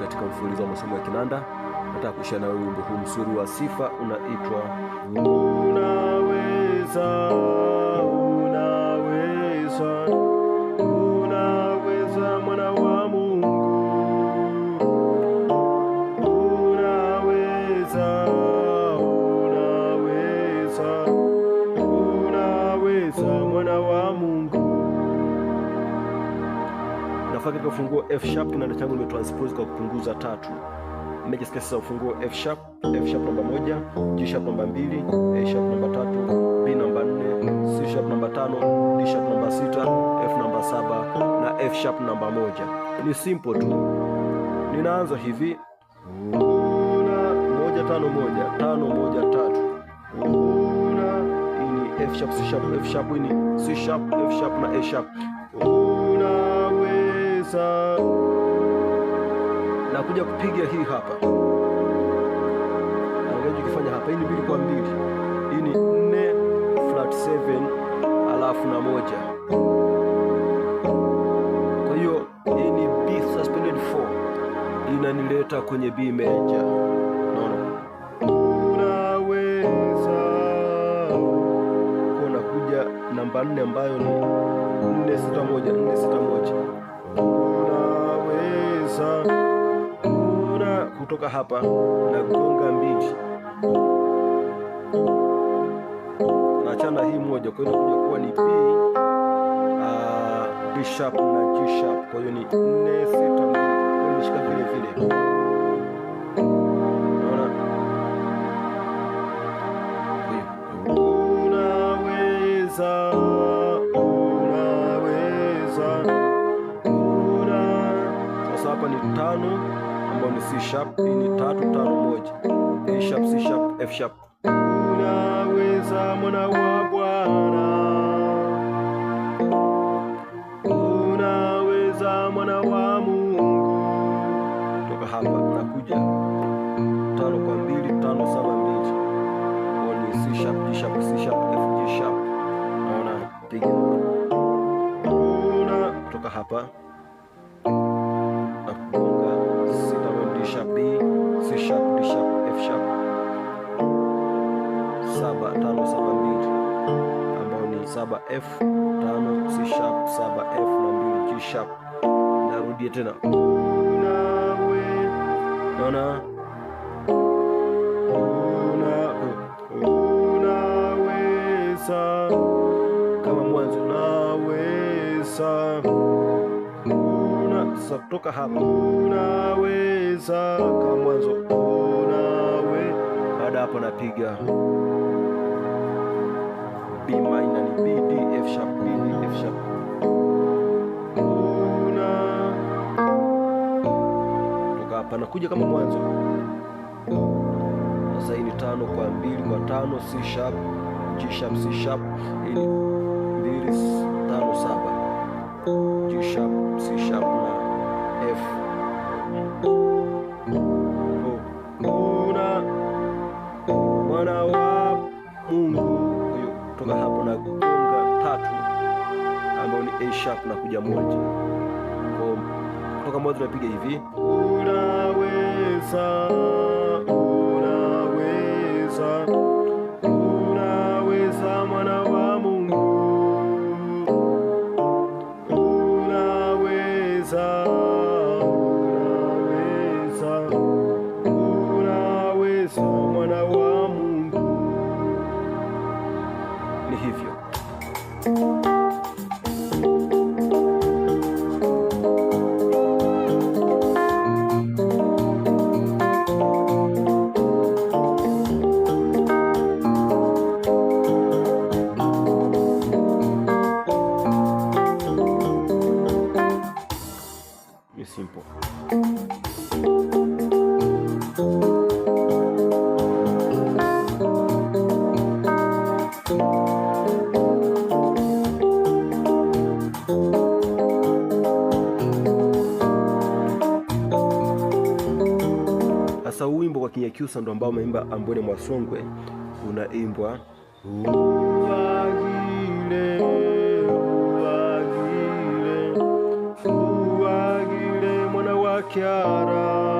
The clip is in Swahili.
Katika masomo ya kinanda, nataka kuishia na wimbo huu mzuri wa sifa unaitwa Unaweza. Yesu mwana wa Mungu. Nafaa katika ufunguo F sharp, kinanda changu nimetranspose kwa kupunguza tatu. Mmejisikia sasa ufunguo F sharp, F sharp namba moja, G sharp namba mbili, A sharp namba tatu, B namba nne, C sharp namba tano, D sharp namba sita, F namba saba na F sharp namba moja. Ni simple tu, ninaanza hivi: moja tano moja tano moja tatu F sharp, C sharp, F sharp, wini C sharp, F sharp na A sharp. Unaweza na kuja kupiga hii hapa, angalia ukifanya hapa, hii ni mbili kwa mbili, hii ni nne flat 7 alafu na moja. Kwa hiyo hii ni B suspended 4 inanileta kwenye B major. namba nne ambayo ni nne sita moja nne sita moja unaweza una kutoka hapa na gonga mbili nachana hii moja kwa hiyo inakuja kuwa ni B uh, ah, B sharp na G sharp kwa hiyo ni nne sita moja nishika vile vile hapa ni tano ambao ni C sharp. Hii ni tatu tano moja, A sharp, C sharp, F sharp. Unaweza mwana wa Bwana, unaweza mwana wa Mungu. Toka hapa tunakuja tano kwa mbili, tano saba mbili, ni C sharp, G sharp, C sharp, F G sharp. Naona piga una toka hapa nakumbuka C na D sharp B C sharp D sharp F sharp saba tano saba mbili ambao ni saba F tano C sharp saba F na mbili G sharp. Narudia tena, naona kama mwanzo, naweza unaweza kutoka hapa, unaweza kama mwanzo, unawe baada hapo napiga B minor ni B D F sharp B D F sharp, una toka hapa nakuja kama mwanzo. Sasa hii ni tano kwa mbili kwa tano, C sharp G sharp C sharp, ili mbili tano saba G sharp C sharp F kuna mwana wa Mungu huyo kutoka hapo na gonga tatu ambayo ni A sharp na kuja moja kutoka moja tunapiga hivi unaweza Sasa wimbo kwa Kinyakyusa ndo ambao umeimba Ambwene Mwasongwe unaimbwa mwana wa Kyara